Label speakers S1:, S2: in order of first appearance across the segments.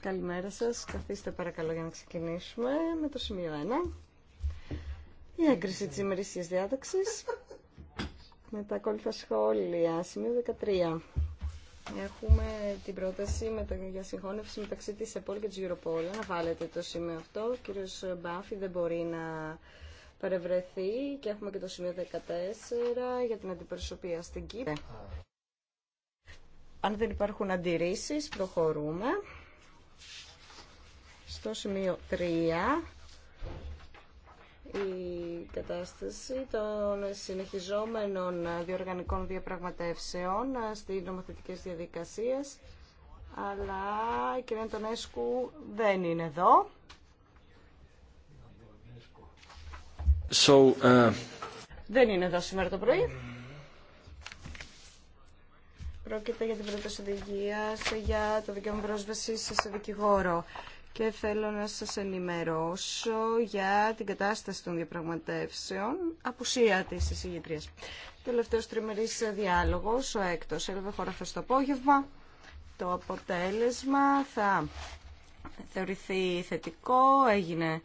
S1: Καλημέρα σας. Καθίστε παρακαλώ για να ξεκινήσουμε με το σημείο 1. Η έγκριση της ημερήσιας διάταξης. Με τα ακόλουθα σχόλια. Σημείο 13. Έχουμε την πρόταση για συγχώνευση μεταξύ της ΕΠΟΛ και της Να βάλετε το σημείο αυτό. Ο κύριος Μπάφη δεν μπορεί να παρευρεθεί και έχουμε και το σημείο 14 για την αντιπροσωπεία στην Κύπρο. Αν δεν υπάρχουν αντιρρήσεις, προχωρούμε. Στο σημείο 3, η κατάσταση των συνεχιζόμενων διοργανικών διαπραγματεύσεων στις νομοθετικές διαδικασίες, αλλά η κυρία Αντωνέσκου δεν είναι εδώ. Uh, Δεν είναι εδώ σήμερα το πρωί. Πρόκειται για την πρόταση οδηγία για το δικαίωμα πρόσβαση σε δικηγόρο. Και θέλω να σας ενημερώσω για την κατάσταση των διαπραγματεύσεων, απουσία της εισηγητρίας. Τελευταίος τριμερής διάλογος, ο έκτος, έλαβε χώρα χθες το απόγευμα. Το αποτέλεσμα θα θεωρηθεί θετικό, έγινε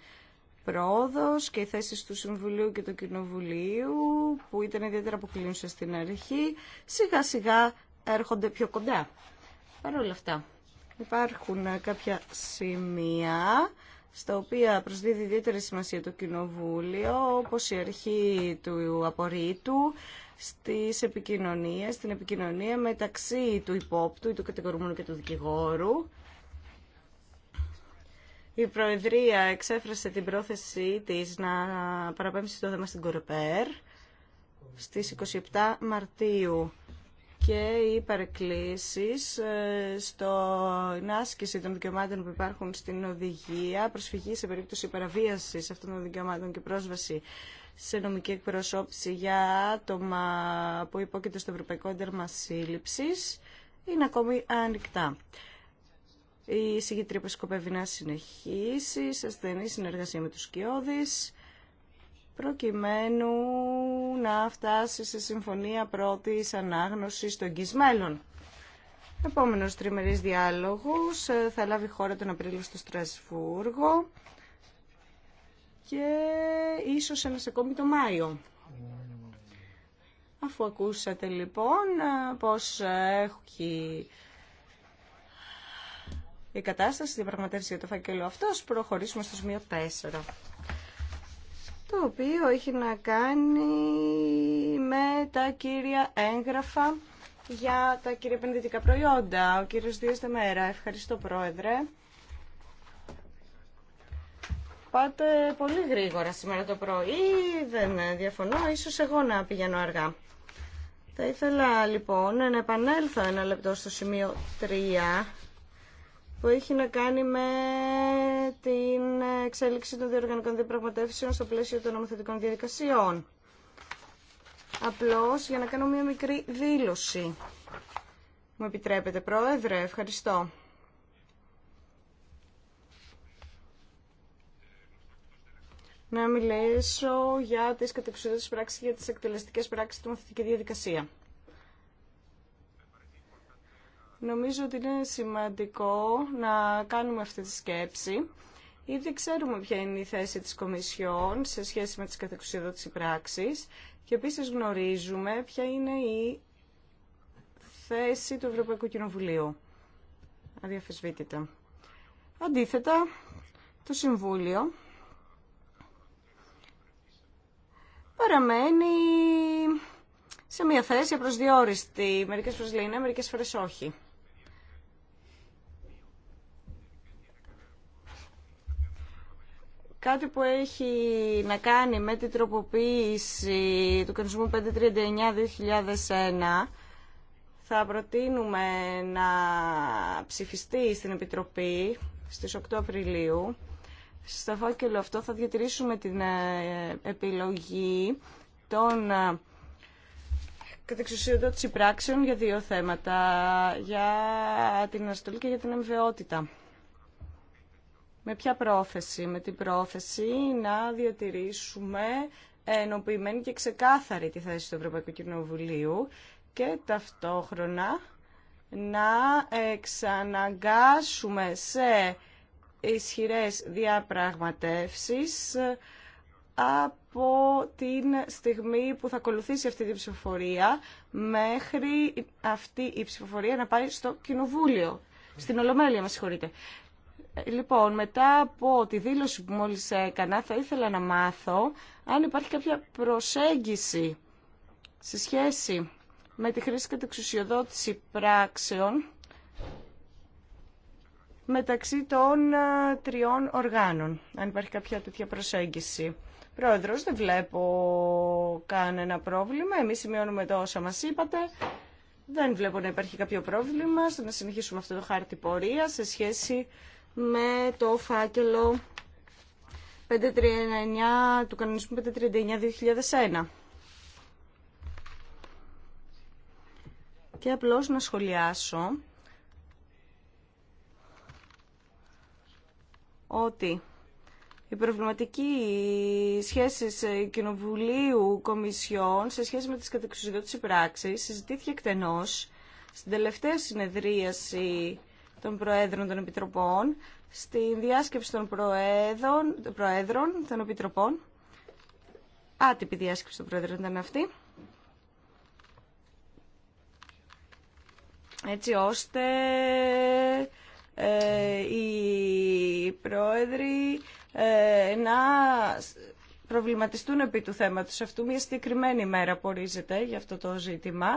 S1: πρόοδος και οι θέσεις του Συμβουλίου και του Κοινοβουλίου που ήταν ιδιαίτερα αποκλίνουσε στην αρχή σιγά σιγά έρχονται πιο κοντά. Παρ' όλα αυτά υπάρχουν κάποια σημεία στα οποία προσδίδει ιδιαίτερη σημασία το Κοινοβούλιο όπως η αρχή του απορρίτου στις επικοινωνίες, στην επικοινωνία μεταξύ του υπόπτου ή του κατηγορούμενου και του δικηγόρου η Προεδρία εξέφρασε την πρόθεσή της να παραπέμψει το θέμα στην Κορεπέρ στις 27 Μαρτίου και οι παρεκκλήσεις ε, στο άσκηση των δικαιωμάτων που υπάρχουν στην οδηγία, προσφυγή σε περίπτωση παραβίασης αυτών των δικαιωμάτων και πρόσβαση σε νομική εκπροσώπηση για άτομα που υπόκειται στο Ευρωπαϊκό Έντερμα είναι ακόμη ανοιχτά. Η που σκοπεύει να συνεχίσει σε στενή συνεργασία με τους Κιώδης προκειμένου να φτάσει σε συμφωνία πρώτης ανάγνωσης των κισμέλων. Επόμενος τριμερής διάλογος ε, θα λάβει χώρα τον Απρίλιο στο Στρασβούργο και ίσως ένα ακόμη το Μάιο. Αφού ακούσατε λοιπόν ε, πώς έχει η κατάσταση, η για το φάκελο αυτό, προχωρήσουμε στο σημείο 4 το οποίο έχει να κάνει με τα κύρια έγγραφα για τα κύρια επενδυτικά προϊόντα. Ο κύριος Δίας Δεμέρα, ευχαριστώ πρόεδρε. Πάτε πολύ γρήγορα σήμερα το πρωί, δεν διαφωνώ, ίσως εγώ να πηγαίνω αργά. Θα ήθελα λοιπόν να επανέλθω ένα λεπτό στο σημείο 3 που έχει να κάνει με την εξέλιξη των διοργανικών διαπραγματεύσεων στο πλαίσιο των νομοθετικών διαδικασιών. Απλώς για να κάνω μια μικρή δήλωση. Μου επιτρέπετε, Πρόεδρε, ευχαριστώ. Να μιλήσω για τις κατεξουσίες πράξεις, για τις εκτελεστικές πράξεις του μαθητική διαδικασία. Νομίζω ότι είναι σημαντικό να κάνουμε αυτή τη σκέψη. Ήδη ξέρουμε ποια είναι η θέση της Κομισιόν σε σχέση με τις καθεξουσιοδότηση πράξεις και επίσης γνωρίζουμε ποια είναι η θέση του Ευρωπαϊκού Κοινοβουλίου. Αδιαφεσβήτητα. Αντίθετα, το Συμβούλιο παραμένει σε μια θέση απροσδιόριστη. Μερικές φορές λέει ναι, μερικές φορές όχι. κάτι που έχει να κάνει με την τροποποίηση του κανονισμού 539-2001 θα προτείνουμε να ψηφιστεί στην Επιτροπή στις 8 Απριλίου. Στο φάκελο αυτό θα διατηρήσουμε την ε, επιλογή των ε, της πράξεων για δύο θέματα, για την αναστολή και για την εμβαιότητα. Με ποια πρόθεση, με την πρόθεση να διατηρήσουμε ενοποιημένη και ξεκάθαρη τη θέση του Ευρωπαϊκού Κοινοβουλίου και ταυτόχρονα να εξαναγκάσουμε σε ισχυρές διαπραγματεύσεις από την στιγμή που θα ακολουθήσει αυτή την ψηφοφορία μέχρι αυτή η ψηφοφορία να πάει στο Κοινοβούλιο. Στην Ολομέλεια, με συγχωρείτε. Λοιπόν, μετά από τη δήλωση που μόλις έκανα, θα ήθελα να μάθω αν υπάρχει κάποια προσέγγιση σε σχέση με τη χρήση εξουσιοδότηση πράξεων μεταξύ των τριών οργάνων, αν υπάρχει κάποια τέτοια προσέγγιση. Πρόεδρος, δεν βλέπω κανένα πρόβλημα. Εμείς σημειώνουμε το όσα μας είπατε. Δεν βλέπω να υπάρχει κάποιο πρόβλημα στο να συνεχίσουμε αυτό το χάρτη πορεία σε σχέση με το φάκελο 539 του κανονισμού 539-2001. Και απλώς να σχολιάσω ότι η προβληματική σχέσεις Κοινοβουλίου Κομισιών σε σχέση με τις κατεξουσιδότητες πράξεις συζητήθηκε εκτενώς στην τελευταία συνεδρίαση των Προέδρων των Επιτροπών στην διάσκεψη των Προέδρων, των, προέδρων, των Επιτροπών. Άτυπη διάσκεψη των Προέδρων ήταν αυτή. Έτσι ώστε ε, οι Πρόεδροι ε, να προβληματιστούν επί του θέματος αυτού μια συγκεκριμένη μέρα που ορίζεται για αυτό το ζήτημα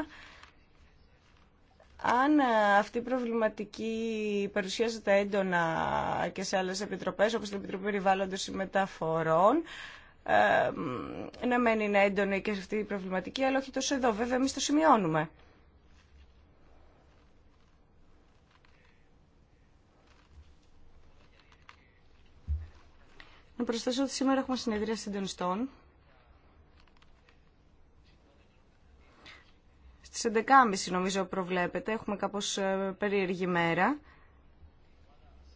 S1: αν ε, αυτή η προβληματική παρουσιάζεται έντονα και σε άλλες επιτροπές, όπως την Επιτροπή Περιβάλλοντος ή Μεταφορών, ε, ναι, να είναι έντονη και αυτή η προβληματική, αλλά όχι τόσο εδώ. Βέβαια, εμείς το σημειώνουμε. Να προσθέσω ότι σήμερα έχουμε συνεδρία συντονιστών. Στις 11.30 νομίζω προβλέπετε. Έχουμε κάπως ε, περίεργη μέρα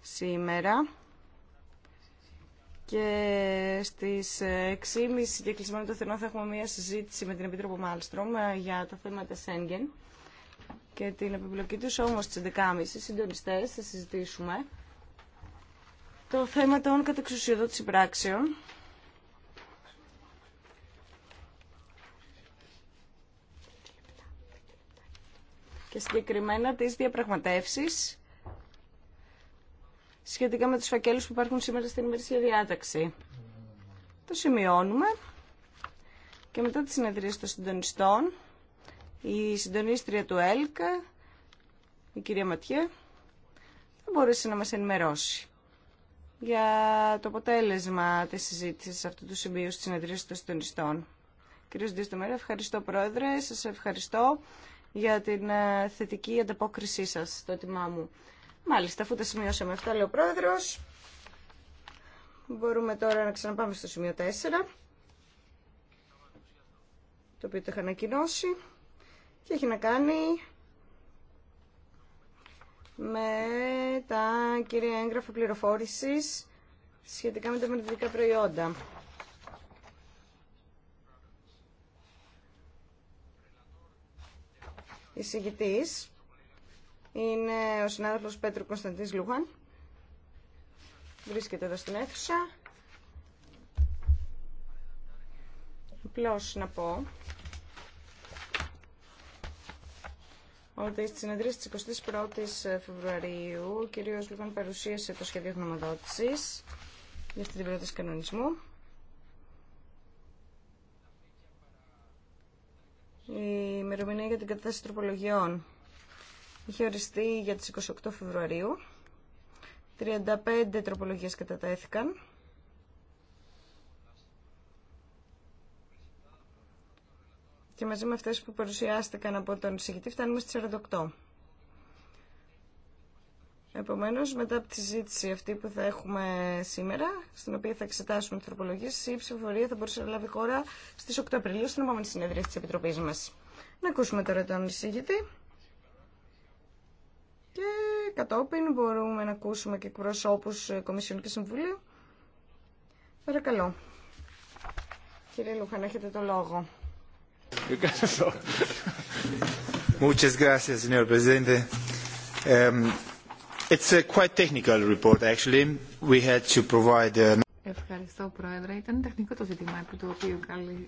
S1: σήμερα. Και στις 6.30 ε, και κλεισμένο το θερμό θα έχουμε μια συζήτηση με την Επίτροπο Μάλστρομ ε, για τα θέματα Σέγγεν και την επιπλοκή τους. Όμως στις 11.30 συντονιστές θα συζητήσουμε το θέμα των κατεξουσιοδότηση πράξεων. και συγκεκριμένα τις διαπραγματεύσεις σχετικά με τους φακέλους που υπάρχουν σήμερα στην ημερήσια διάταξη. Το σημειώνουμε και μετά τη συνεδρία των συντονιστών η συντονίστρια του ΕΛΚΑ, η κυρία Ματιέ, θα μπορέσει να μας ενημερώσει για το αποτέλεσμα της συζήτησης αυτού του σημείου στις συνεδρίες των συντονιστών. Κύριε Μέρα, ευχαριστώ Πρόεδρε, σας ευχαριστώ για την ε, θετική ανταπόκρισή σας στο έτοιμά μου. Μάλιστα, αφού τα σημειώσαμε αυτά, λέει ο Πρόεδρος, μπορούμε τώρα να ξαναπάμε στο σημείο 4, το οποίο το είχα ανακοινώσει και έχει να κάνει με τα κύρια έγγραφα πληροφόρησης σχετικά με τα μελλοντικά προϊόντα. συγκητής είναι ο συνάδελφος Πέτρου Κωνσταντής Λούχαν. Βρίσκεται εδώ στην αίθουσα. Απλώς να πω ότι στις συνεδρίες της 21ης Φεβρουαρίου ο κύριος Λούχαν παρουσίασε το σχέδιο γνωμοδότησης για αυτή την πρόταση κανονισμού. Η ημερομηνία για την κατάσταση τροπολογιών είχε οριστεί για τις 28 Φεβρουαρίου. 35 τροπολογίες κατατέθηκαν. Και μαζί με αυτές που παρουσιάστηκαν από τον εισηγητή φτάνουμε στις 48. Επομένως, μετά από τη συζήτηση αυτή που θα έχουμε σήμερα, στην οποία θα εξετάσουμε τις τροπολογίες, η ψηφοφορία θα μπορούσε να λάβει χώρα στις 8 Απριλίου, στην επόμενη συνεδρία της Επιτροπής μας. Να ακούσουμε τώρα τον εισηγητή. Και κατόπιν μπορούμε να ακούσουμε και εκπροσώπους Κομισιόν και Συμβουλίου. Παρακαλώ. Κύριε Λούχαν, έχετε το λόγο.
S2: Muchas gracias, señor presidente. It's a quite technical report actually. We had to provide a... Uh,
S3: Ευχαριστώ, Πρόεδρε. Ήταν τεχνικό το ζήτημα επί του οποίου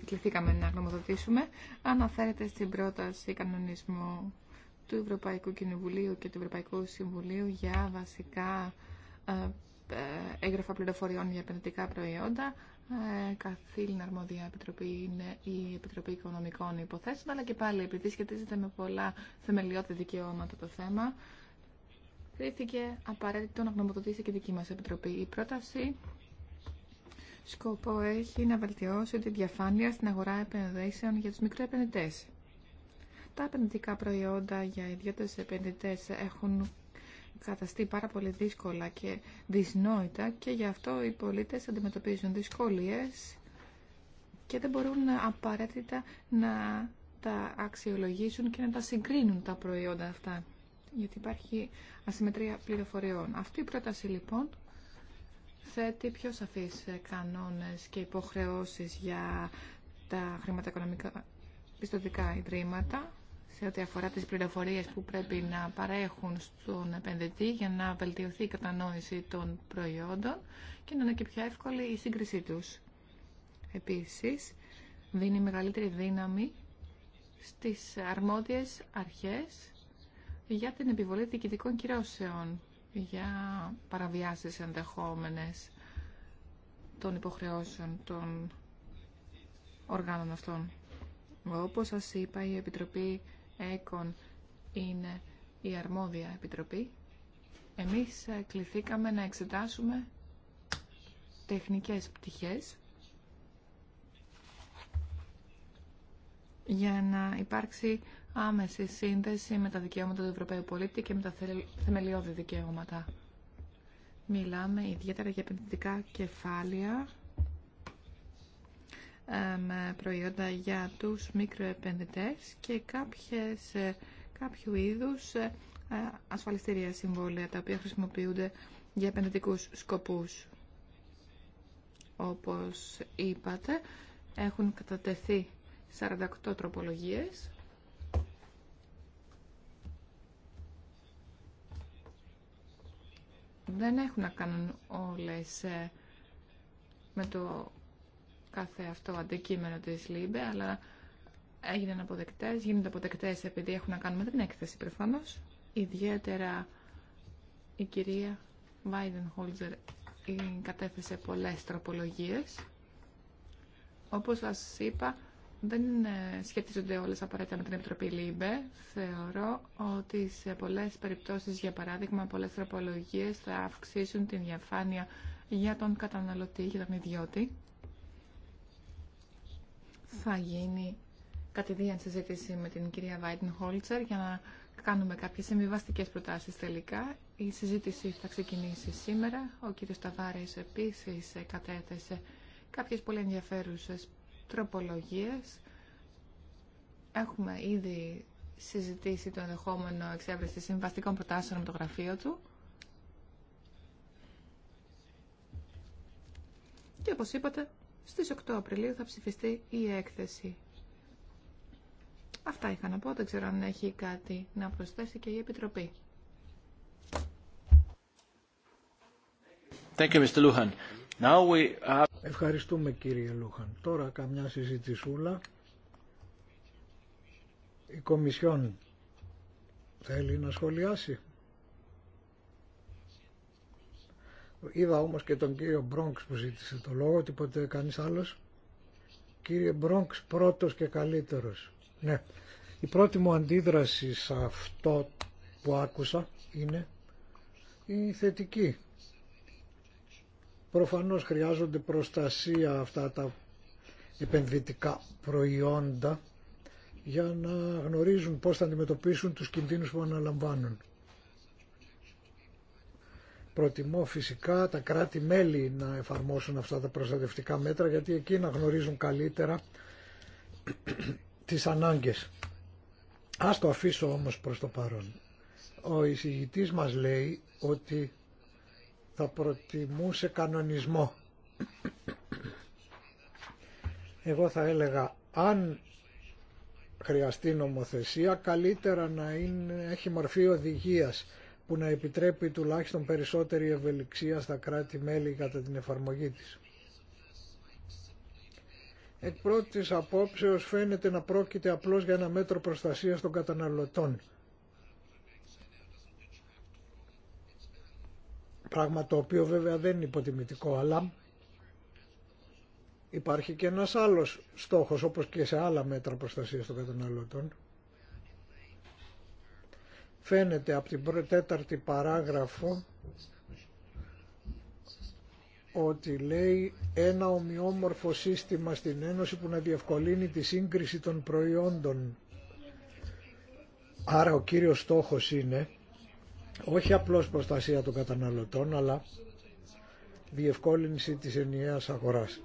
S3: κληθήκαμε να γνωμοδοτήσουμε. Αναφέρεται στην πρόταση κανονισμού του Ευρωπαϊκού Κοινοβουλίου και του Ευρωπαϊκού Συμβουλίου για βασικά ε, ε, έγγραφα πληροφοριών για επενδυτικά προϊόντα. Ε, καθήλυνα αρμόδια επιτροπή είναι η Επιτροπή Οικονομικών Υποθέσεων, αλλά και πάλι επειδή σχετίζεται με πολλά θεμελιώδη δικαιώματα το θέμα, κρίθηκε απαραίτητο να γνωμοδοτήσει και δική μας Επιτροπή. Η πρόταση σκοπό έχει να βελτιώσει τη διαφάνεια στην αγορά επενδύσεων για τους μικροεπενδυτές. Τα επενδυτικά προϊόντα για ιδιώτες επενδυτές έχουν καταστεί πάρα πολύ δύσκολα και δυσνόητα και γι' αυτό οι πολίτες αντιμετωπίζουν δυσκολίες και δεν μπορούν απαραίτητα να τα αξιολογήσουν και να τα συγκρίνουν τα προϊόντα αυτά γιατί υπάρχει ασυμμετρία πληροφοριών. Αυτή η πρόταση λοιπόν θέτει πιο σαφείς κανόνες και υποχρεώσεις για τα χρηματοοικονομικά πιστοτικά ιδρύματα σε ό,τι αφορά τις πληροφορίες που πρέπει να παρέχουν στον επενδυτή για να βελτιωθεί η κατανόηση των προϊόντων και να είναι και πιο εύκολη η σύγκρισή τους. Επίσης, δίνει μεγαλύτερη δύναμη στις αρμόδιες αρχές για την επιβολή διοικητικών κυρώσεων για παραβιάσεις ενδεχόμενες των υποχρεώσεων των οργάνων αυτών. Όπως σας είπα, η Επιτροπή ΕΚΟΝ είναι η αρμόδια Επιτροπή. Εμείς κληθήκαμε να εξετάσουμε τεχνικές πτυχές για να υπάρξει άμεση σύνδεση με τα δικαιώματα του Ευρωπαίου πολίτη και με τα θεμελιώδη δικαιώματα. Μιλάμε ιδιαίτερα για επενδυτικά κεφάλαια με προϊόντα για τους μικροεπενδυτές και κάποιες, ε, κάποιου είδους ε, ε, ασφαλιστήρια συμβόλαια τα οποία χρησιμοποιούνται για επενδυτικούς σκοπούς. Όπως είπατε, έχουν κατατεθεί 48 τροπολογίες δεν έχουν να κάνουν όλες ε, με το κάθε αυτό αντικείμενο της ΛΥΜΠΕ, αλλά έγιναν αποδεκτές, γίνονται αποδεκτές επειδή έχουν να κάνουν με την έκθεση προφανώς. Ιδιαίτερα η κυρία Βάιντεν Χόλτζερ κατέθεσε πολλές τροπολογίες. Όπως σας είπα, δεν ε, σχετίζονται όλες απαραίτητα με την Επιτροπή ΛΥΜΠΕ. Θεωρώ ότι σε πολλές περιπτώσεις, για παράδειγμα, πολλές τροπολογίες θα αυξήσουν την διαφάνεια για τον καταναλωτή, για τον ιδιώτη. Θα γίνει κατηδίαν συζήτηση με την κυρία Βάιντεν Χόλτσερ για να κάνουμε κάποιες εμβιβαστικές προτάσεις τελικά. Η συζήτηση θα ξεκινήσει σήμερα. Ο κύριος Ταβάρης επίσης κατέθεσε κάποιες πολύ ενδιαφέρουσες τροπολογίες. Έχουμε ήδη συζητήσει το ενδεχόμενο εξέβρεση συμβαστικών προτάσεων με το γραφείο του. Και όπως είπατε, στις 8 Απριλίου θα ψηφιστεί η έκθεση. Αυτά είχα να πω, δεν ξέρω αν έχει κάτι να προσθέσει και η Επιτροπή.
S2: Ευχαριστούμε κύριε Λούχαν. Τώρα καμιά συζητησούλα. Η Κομισιόν θέλει να σχολιάσει. Είδα όμως και τον κύριο Μπρόγκς που ζήτησε το λόγο, τίποτε κανείς άλλος. Κύριε Μπρόγκς πρώτος και καλύτερος. Ναι. Η πρώτη μου αντίδραση σε αυτό που άκουσα είναι η θετική. Προφανώς χρειάζονται προστασία αυτά τα επενδυτικά προϊόντα για να γνωρίζουν πώς θα αντιμετωπίσουν τους κινδύνους που αναλαμβάνουν. Προτιμώ φυσικά τα κράτη-μέλη να εφαρμόσουν αυτά τα προστατευτικά μέτρα γιατί εκεί να γνωρίζουν καλύτερα τις ανάγκες. Ας το αφήσω όμως προς το παρόν. Ο εισηγητής μας λέει ότι θα προτιμούσε κανονισμό. Εγώ θα έλεγα αν χρειαστεί νομοθεσία καλύτερα να είναι, έχει μορφή οδηγίας που να επιτρέπει τουλάχιστον περισσότερη ευελιξία στα κράτη-μέλη κατά την εφαρμογή της. Εκ πρώτης απόψεως φαίνεται να πρόκειται απλώς για ένα μέτρο προστασίας των καταναλωτών Πράγμα το οποίο βέβαια δεν είναι υποτιμητικό, αλλά υπάρχει και ένας άλλος στόχος, όπως και σε άλλα μέτρα προστασίας των καταναλωτών. Φαίνεται από την τέταρτη παράγραφο ότι λέει ένα ομοιόμορφο σύστημα στην Ένωση που να διευκολύνει τη σύγκριση των προϊόντων. Άρα ο κύριος στόχος είναι όχι απλώς προστασία των καταναλωτών, αλλά διευκόλυνση της ενιαίας αγοράς.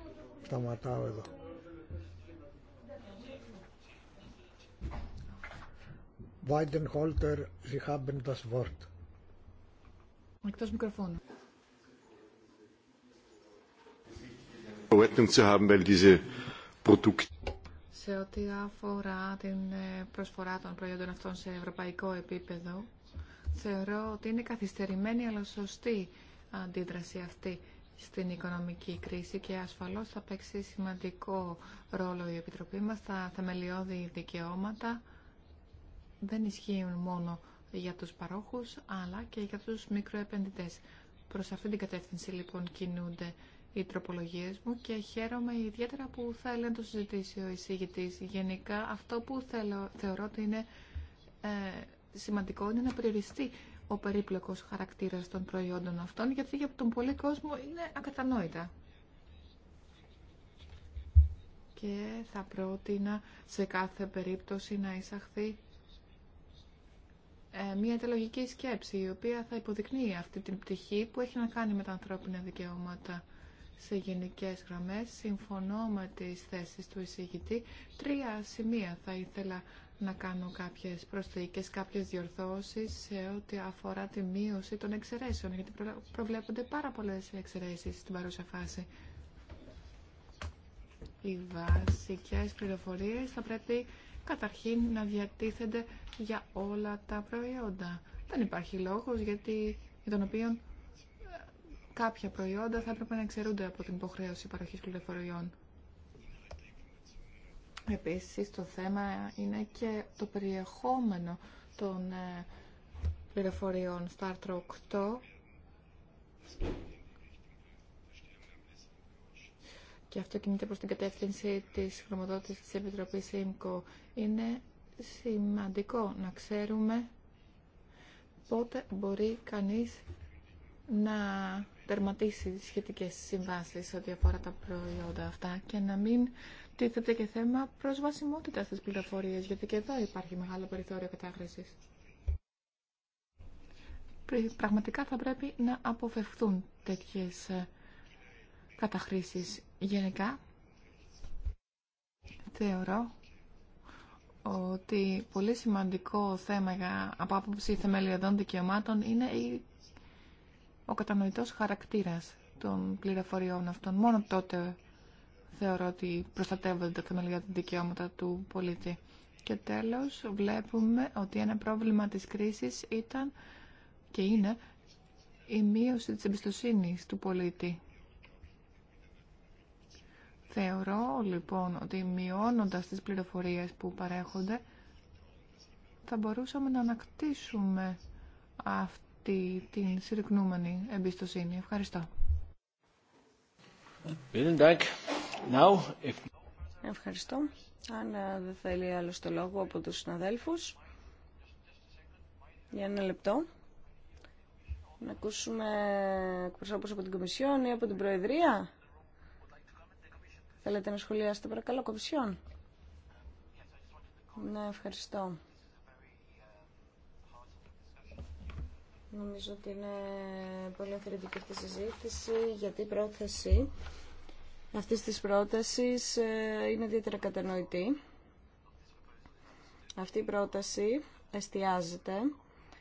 S2: Σταματάω εδώ. Βάιντεν Sie haben das
S3: Εκτός μικροφώνου. Σε ό,τι αφορά την ε, προσφορά των προϊόντων αυτών σε ευρωπαϊκό επίπεδο, Θεωρώ ότι είναι καθυστερημένη αλλά σωστή αντίδραση αυτή στην οικονομική κρίση και ασφαλώς θα παίξει σημαντικό ρόλο η Επιτροπή μας. Τα θεμελιώδη δικαιώματα δεν ισχύουν μόνο για τους παρόχους αλλά και για τους μικροεπενδυτές. Προς αυτή την κατεύθυνση λοιπόν κινούνται οι τροπολογίες μου και χαίρομαι ιδιαίτερα που θέλει να το συζητήσει ο εισηγητής. Γενικά αυτό που θεωρώ ότι είναι ε, σημαντικό είναι να περιοριστεί ο περίπλοκος χαρακτήρας των προϊόντων αυτών, γιατί για τον πολύ κόσμο είναι ακατανόητα. Και θα πρότεινα σε κάθε περίπτωση να εισαχθεί ε, μια ιδεολογική σκέψη, η οποία θα υποδεικνύει αυτή την πτυχή που έχει να κάνει με τα ανθρώπινα δικαιώματα σε γενικές γραμμές. Συμφωνώ με τις θέσεις του εισηγητή. Τρία σημεία θα ήθελα να κάνω κάποιες προσθήκες, κάποιες διορθώσεις σε ό,τι αφορά τη μείωση των εξαιρέσεων, γιατί προβλέπονται πάρα πολλές εξαιρέσεις στην παρούσα φάση. Οι βασικές πληροφορίες θα πρέπει καταρχήν να διατίθενται για όλα τα προϊόντα. Δεν υπάρχει λόγος γιατί, για τον οποίο ε, κάποια προϊόντα θα έπρεπε να εξαιρούνται από την υποχρέωση παροχής πληροφοριών. Επίσης το θέμα είναι και το περιεχόμενο των ε, πληροφοριών στο άρθρο 8 και αυτό κινείται προς την κατεύθυνση της χρωματότητας της Επιτροπής ΙΜΚΟ. Είναι σημαντικό να ξέρουμε πότε μπορεί κανείς να τερματίσει σχετικές συμβάσεις ό,τι αφορά τα προϊόντα αυτά και να μην τίθεται και θέμα προσβασιμότητα στι πληροφορίε, γιατί και εδώ υπάρχει μεγάλο περιθώριο κατάχρηση. Πραγματικά θα πρέπει να αποφευχθούν τέτοιες ε, καταχρήσει. γενικά. Θεωρώ ότι πολύ σημαντικό θέμα για, από άποψη θεμελιωδών δικαιωμάτων είναι η, ο κατανοητός χαρακτήρας των πληροφοριών αυτών. Μόνο τότε θεωρώ ότι προστατεύονται τα τα δικαιώματα του πολίτη. Και τέλος βλέπουμε ότι ένα πρόβλημα της κρίσης ήταν και είναι η μείωση της εμπιστοσύνη του πολίτη. Θεωρώ λοιπόν ότι μειώνοντας τις πληροφορίες που παρέχονται θα μπορούσαμε να ανακτήσουμε αυτή την συρρυκνούμενη εμπιστοσύνη. Ευχαριστώ. Ευχαριστώ. Αν ε, δεν θέλει
S1: άλλο το λόγο από τους συναδέλφους, για ένα λεπτό, να ακούσουμε εκπροσώπους από την Κομισιόν ή από την Προεδρία. Θέλετε να σχολιάσετε παρακαλώ, Κομισιόν. Ναι, ευχαριστώ. Νομίζω ότι είναι πολύ ενθαρρυντική αυτή η συζήτηση γιατί η συζητηση γιατι την προθεση αυτής της πρότασης ε, είναι ιδιαίτερα κατανοητή. Αυτή η πρόταση εστιάζεται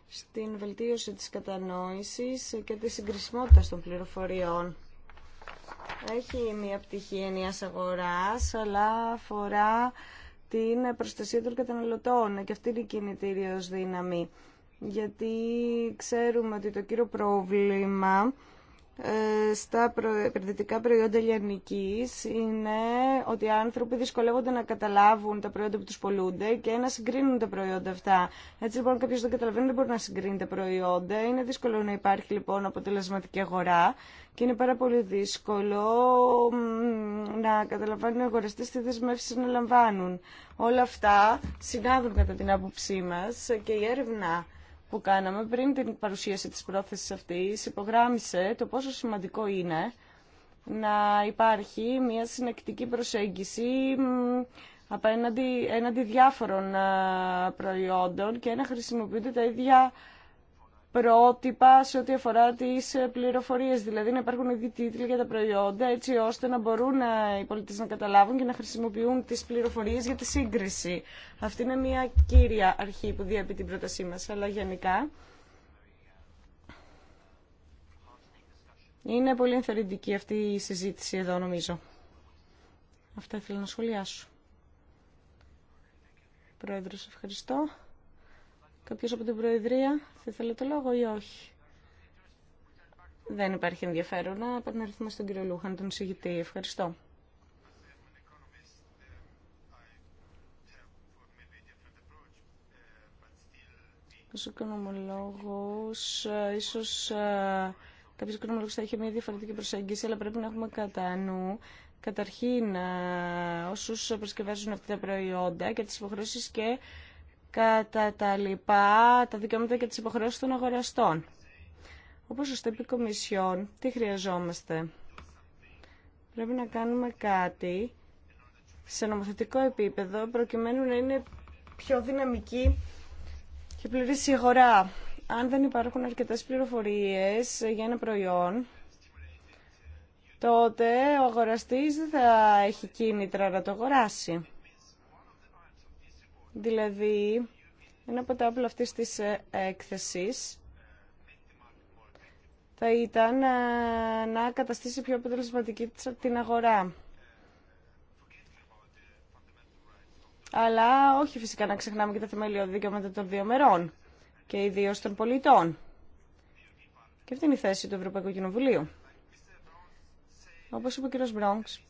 S1: στην βελτίωση της κατανόησης και της συγκρισιμότητας των πληροφοριών. Έχει μια πτυχή ενιαίας αγοράς, αλλά αφορά την προστασία των καταναλωτών και αυτή είναι η κινητήριος δύναμη. Γιατί ξέρουμε ότι το κύριο πρόβλημα στα επενδυτικά προϊόντα λιανικής είναι ότι οι άνθρωποι δυσκολεύονται να καταλάβουν τα προϊόντα που τους πολλούνται και να συγκρίνουν τα προϊόντα αυτά. Έτσι λοιπόν κάποιος δεν καταλαβαίνει δεν μπορεί να συγκρίνει τα προϊόντα. Είναι δύσκολο να υπάρχει λοιπόν αποτελεσματική αγορά και είναι πάρα πολύ δύσκολο να καταλαμβάνουν οι αγοραστές τι δεσμεύσεις να λαμβάνουν. Όλα αυτά συνάδουν κατά την άποψή μας και η έρευνα που κάναμε πριν την παρουσίαση της πρόθεσης αυτής υπογράμμισε το πόσο σημαντικό είναι να υπάρχει μια συνεκτική προσέγγιση απέναντι έναντι διάφορων ε, προϊόντων και να χρησιμοποιούνται τα ίδια πρότυπα σε ό,τι αφορά τι ε, πληροφορίε. Δηλαδή να υπάρχουν ήδη τίτλοι για τα προϊόντα έτσι ώστε να μπορούν ε, οι πολίτες να καταλάβουν και να χρησιμοποιούν τι πληροφορίε για τη σύγκριση. Αυτή είναι μια κύρια αρχή που διέπει την πρότασή μα. Αλλά γενικά είναι πολύ ενθαρρυντική αυτή η συζήτηση εδώ νομίζω. Αυτά ήθελα να σχολιάσω. Πρόεδρος, ευχαριστώ. Κάποιος από την Προεδρία θα ήθελε το λόγο ή όχι. Δεν υπάρχει ενδιαφέρον να επανέλθουμε στον κύριο Λούχαν, τον συγητή. Ευχαριστώ. Ως οικονομολόγος, ε, ίσως ε, κάποιος οικονομολόγος θα είχε μια διαφορετική προσέγγιση, αλλά πρέπει να έχουμε κατά νου καταρχήν ε, όσους προσκευάζουν αυτά τα προϊόντα και τις υποχρεώσεις και κατά τα λοιπά, τα δικαιώματα και τις υποχρεώσεις των αγοραστών. Όπως σωστά είπε η Κομισιόν, τι χρειαζόμαστε. Πρέπει να κάνουμε κάτι σε νομοθετικό επίπεδο προκειμένου να είναι πιο δυναμική και πληρής η αγορά. Αν δεν υπάρχουν αρκετές πληροφορίες για ένα προϊόν, τότε ο αγοραστής δεν θα έχει κίνητρα να το αγοράσει. Δηλαδή, ένα από τα όπλα αυτής της ε, έκθεσης θα ήταν ε, να καταστήσει πιο αποτελεσματική την αγορά. Αλλά όχι φυσικά να ξεχνάμε και τα θεμελιώδη δικαιώματα των δύο μερών και ιδίω των πολιτών. Και αυτή είναι η θέση του Ευρωπαϊκού Κοινοβουλίου. Όπως είπε ο κ. Μπρόγκς,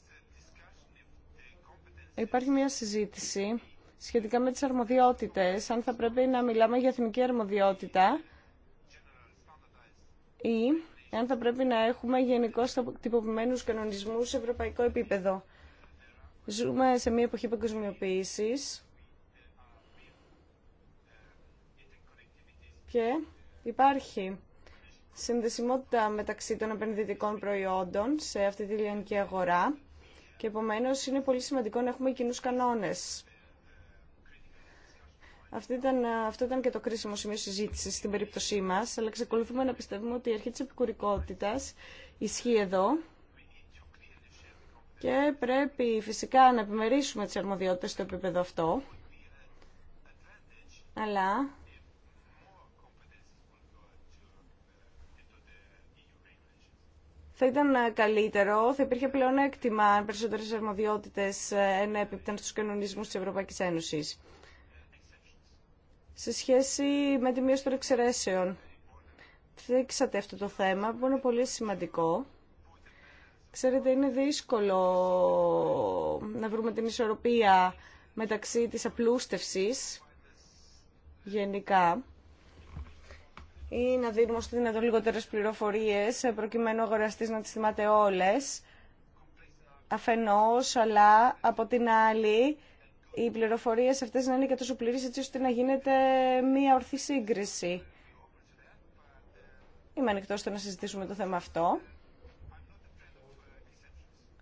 S1: υπάρχει μια συζήτηση σχετικά με τις αρμοδιότητες, αν θα πρέπει να μιλάμε για εθνική αρμοδιότητα ή αν θα πρέπει να έχουμε γενικώ τυποποιημένους κανονισμούς σε ευρωπαϊκό επίπεδο. Ζούμε σε μια εποχή παγκοσμιοποίησης και υπάρχει συνδεσιμότητα μεταξύ των επενδυτικών προϊόντων σε αυτή τη λιανική αγορά και επομένως είναι πολύ σημαντικό να έχουμε κοινούς κανόνες. Ε, αυτό ήταν και το κρίσιμο σημείο συζήτηση στην περίπτωσή μα, αλλά ξεκολουθούμε να πιστεύουμε ότι η αρχή τη επικουρικότητα ισχύει εδώ και πρέπει φυσικά να επιμερίσουμε τι αρμοδιότητε στο επίπεδο αυτό. Αλλά θα ήταν ε, καλύτερο, θα υπήρχε πλέον έκτημα αν περισσότερες αρμοδιότητε ενέπιπταν έπιπταν στους τη της Ευρωπαϊκής σε σχέση με τη μείωση των εξαιρέσεων. Θέξατε αυτό το θέμα που είναι πολύ σημαντικό. Ξέρετε, είναι δύσκολο να βρούμε την ισορροπία μεταξύ της απλούστευσης γενικά ή να δίνουμε όσο δυνατόν λιγότερες πληροφορίες ε, προκειμένου ο αγοραστής να τις θυμάται όλες αφενός, αλλά από την άλλη οι πληροφορίε αυτές να είναι και τόσο πλήρε, έτσι ώστε να γίνεται μία ορθή σύγκριση. Είμαι ανοιχτό στο να συζητήσουμε το θέμα αυτό.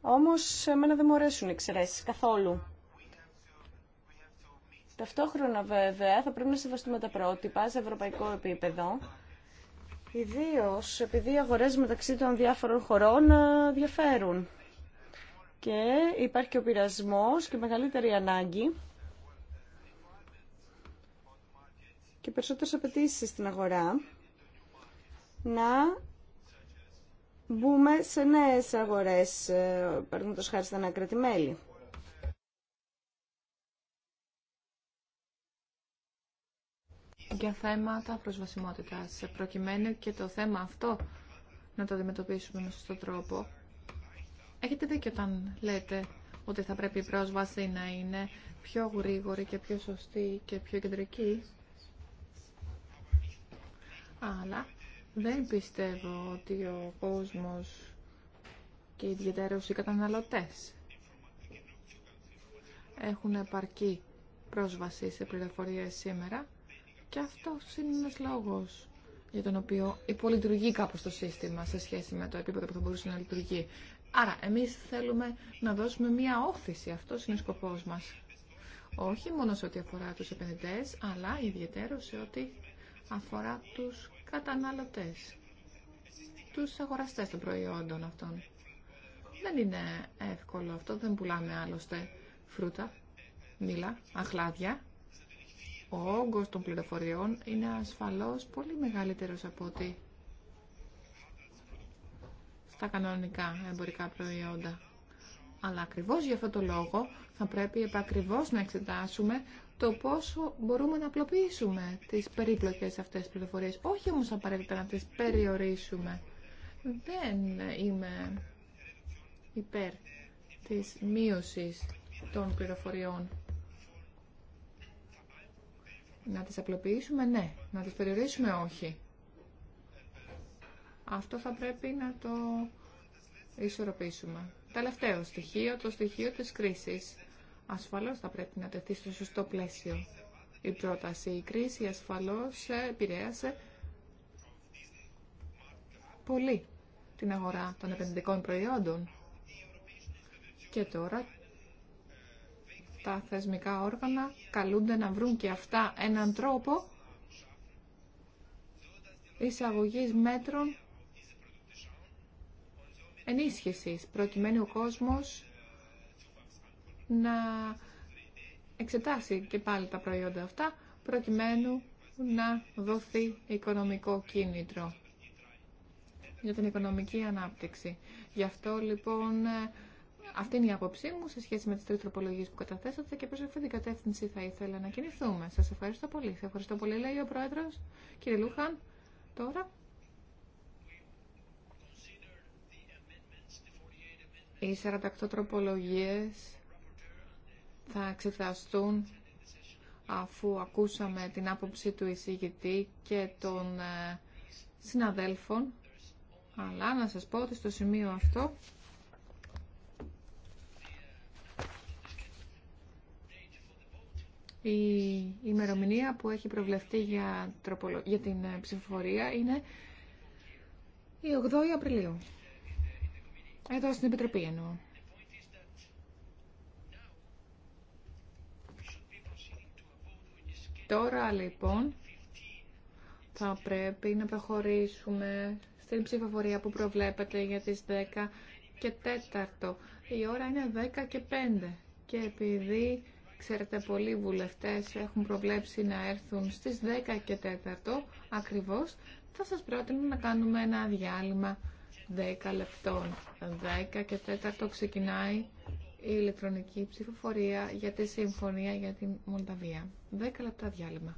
S1: Όμω εμένα δεν μου αρέσουν οι εξαιρέσει καθόλου. Ταυτόχρονα, βέβαια, θα πρέπει να σεβαστούμε τα πρότυπα σε ευρωπαϊκό επίπεδο. Ιδίω επειδή οι αγορέ μεταξύ των διάφορων χωρών ε, διαφέρουν και υπάρχει και ο πειρασμός και μεγαλύτερη ανάγκη και περισσότερες απαιτήσει στην αγορά να μπούμε σε νέες αγορές, ε, παραδείγματος χάρη στα κρατημέλη.
S3: Για θέματα προσβασιμότητας, προκειμένου και το θέμα αυτό να το αντιμετωπίσουμε με σωστό τρόπο Έχετε δίκιο όταν λέτε ότι θα πρέπει η πρόσβαση να είναι πιο γρήγορη και πιο σωστή και πιο κεντρική. Αλλά δεν πιστεύω ότι ο κόσμος και ιδιαιτέρως οι καταναλωτές έχουν επαρκή πρόσβαση σε πληροφορίες σήμερα και αυτό είναι ένας λόγος για τον οποίο υπολειτουργεί κάπως το σύστημα σε σχέση με το επίπεδο που θα μπορούσε να λειτουργεί. Άρα, εμείς θέλουμε να δώσουμε μία όθηση. Αυτό είναι ο σκοπός μας. Όχι μόνο σε ό,τι αφορά τους επενδυτές, αλλά ιδιαίτερο σε ό,τι αφορά τους καταναλωτές, τους αγοραστές των προϊόντων αυτών. Δεν είναι εύκολο αυτό, δεν πουλάμε άλλωστε φρούτα, μήλα, αχλάδια. Ο όγκος των πληροφοριών είναι ασφαλώς πολύ μεγαλύτερος από ότι στα κανονικά εμπορικά προϊόντα. Αλλά ακριβώς για αυτό το λόγο θα πρέπει επακριβώς να εξετάσουμε το πόσο μπορούμε να απλοποιήσουμε τις περίπλοκες αυτές πληροφορίε. πληροφορίες. Όχι όμως απαραίτητα να τις περιορίσουμε. Δεν είμαι υπέρ της μείωσης των πληροφοριών. Να τις απλοποιήσουμε, ναι. Να τις περιορίσουμε, όχι. Αυτό θα πρέπει να το ισορροπήσουμε. Τελευταίο στοιχείο, το στοιχείο της κρίσης. Ασφαλώς θα πρέπει να τεθεί στο σωστό πλαίσιο η πρόταση. Η κρίση ασφαλώς επηρέασε πολύ την αγορά των επενδυτικών προϊόντων. Και τώρα τα θεσμικά όργανα καλούνται να βρουν και αυτά έναν τρόπο εισαγωγής μέτρων ενίσχυσης, προκειμένου ο κόσμος να εξετάσει και πάλι τα προϊόντα αυτά, προκειμένου να δοθεί οικονομικό κίνητρο για την οικονομική ανάπτυξη. Γι' αυτό λοιπόν ε, αυτή είναι η άποψή μου σε σχέση με τις τρεις τροπολογίες που καταθέσατε και προς αυτή την κατεύθυνση θα ήθελα να κινηθούμε. Σας ευχαριστώ πολύ. Σας ευχαριστώ πολύ λέει ο Πρόεδρος. Κύριε Λούχαν, τώρα Οι 48 τροπολογίες θα εξεταστούν αφού ακούσαμε την άποψη του εισηγητή και των ε, συναδέλφων. Αλλά να σας πω ότι στο σημείο αυτό Η ημερομηνία που έχει προβλεφτεί για, για την ε, ψηφοφορία είναι η 8η Απριλίου. Εδώ στην Επιτροπή εννοώ. Τώρα λοιπόν θα πρέπει να προχωρήσουμε στην ψηφοφορία που προβλέπετε για τις 10 και 4. Η ώρα είναι 10 και 5 και επειδή ξέρετε πολλοί βουλευτές έχουν προβλέψει να έρθουν στις 10 και 4 ακριβώς θα σας πρότεινα να κάνουμε ένα διάλειμμα 10 λεπτών. 10 και 4 ξεκινάει η ηλεκτρονική ψηφοφορία για τη συμφωνία για τη Μολδαβία. 10 λεπτά διάλειμμα.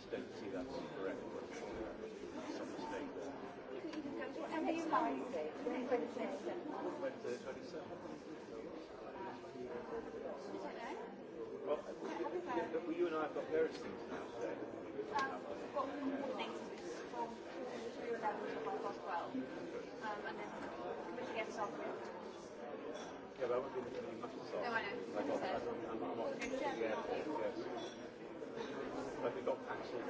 S3: just don't see that's correct. Some mistake there. Well, yeah, but you and I have got various things
S1: now today. from to 12. Um, and then
S2: but much But we've got coming. seeing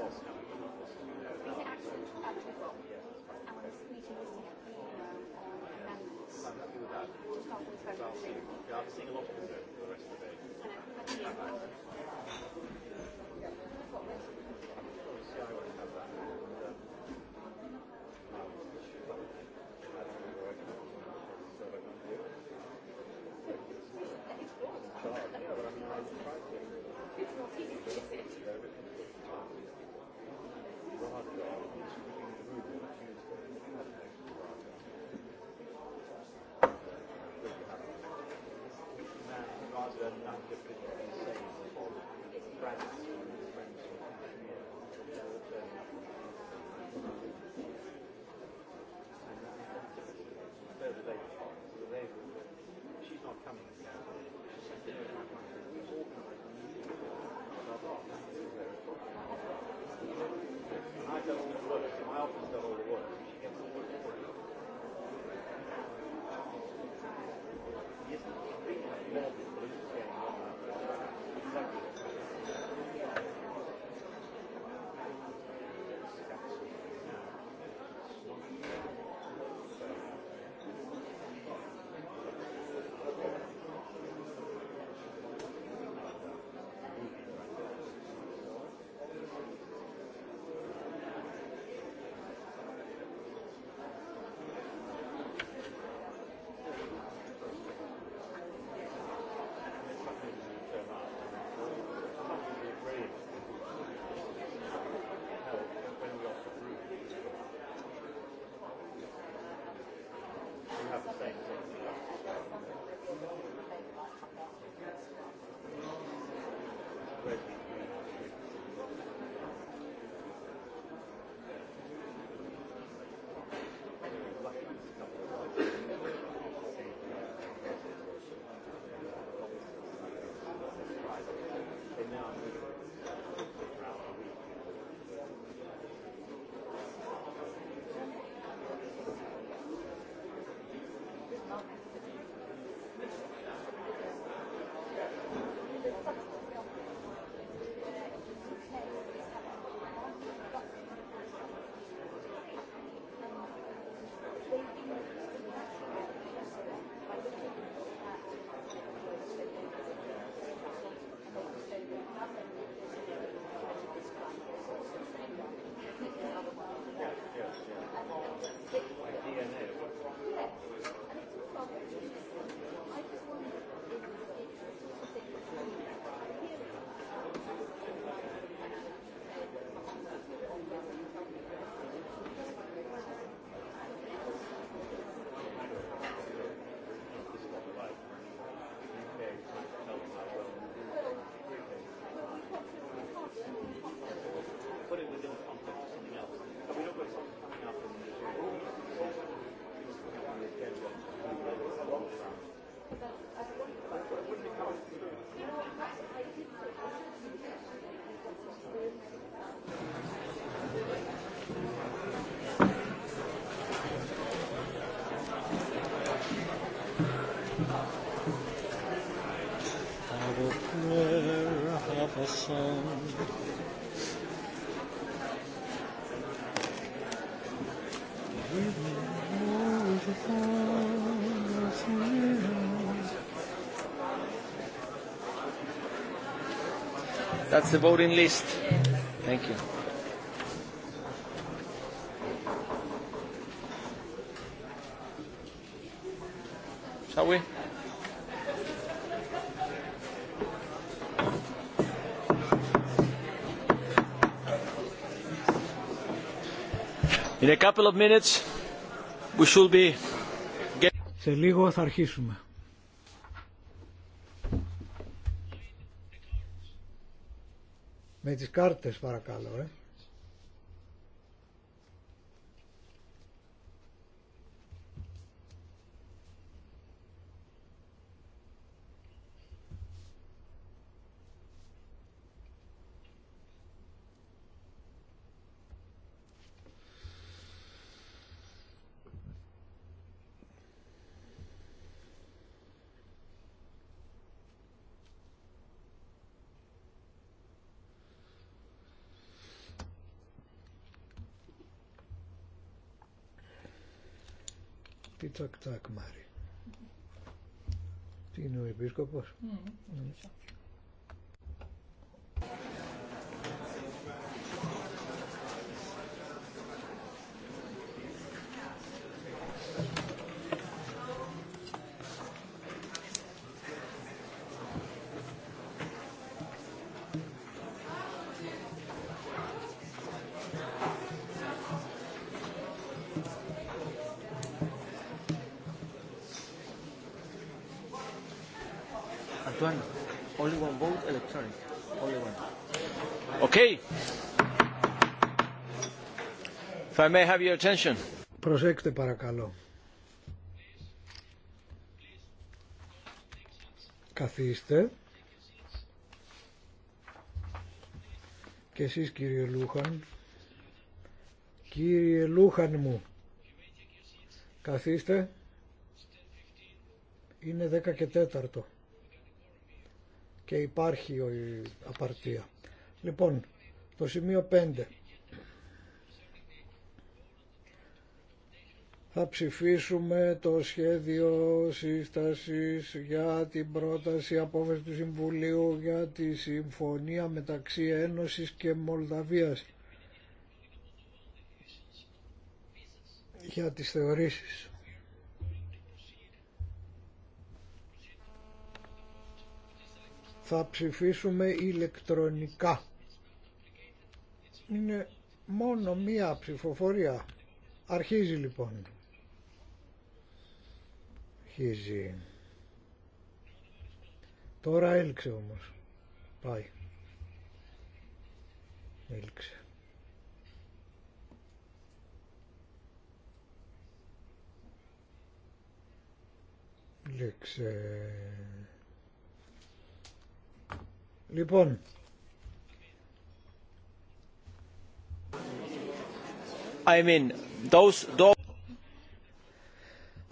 S3: a lot of the rest of the day. Thank you. That's the voting list. Thank you. Shall we? In a couple of minutes
S2: we should be. Σε λίγο θα αρχίσουμε. Με τις κάρτες παρακαλώ. Ε. τσακ τσακ Μάρι. Τι είναι ο επίσκοπος. Mm. Okay.
S3: If I may have your attention.
S2: Προσέξτε παρακαλώ. Καθίστε. Και εσείς κύριε Λούχαν. Κύριε Λούχαν μου. Καθίστε. Είναι 10 και τέταρτο. και υπάρχει η απαρτία. Λοιπόν, το σημείο 5. Θα ψηφίσουμε το σχέδιο σύστασης για την πρόταση απόφαση του Συμβουλίου για τη συμφωνία μεταξύ Ένωσης και Μολδαβίας για τις θεωρήσεις. Θα ψηφίσουμε ηλεκτρονικά. Είναι μόνο μία ψηφοφορία. Αρχίζει λοιπόν. Αρχίζει. Τώρα έλξε όμως. Πάει. Έλξε. Έλξε. Λοιπόν, I mean, those,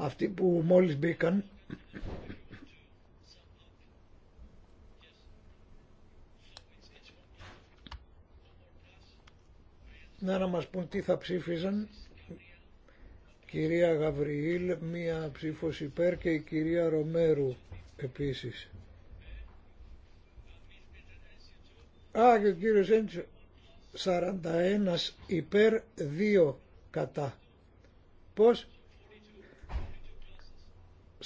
S2: Αυτοί που μόλις μπήκαν να να μας πούν τι θα ψήφιζαν κυρία Γαβριήλ μία ψήφος υπέρ και η κυρία Ρομέρου επίσης. Α, και ο κύριος Έντσο. 41 υπέρ 2 κατά. Πώς?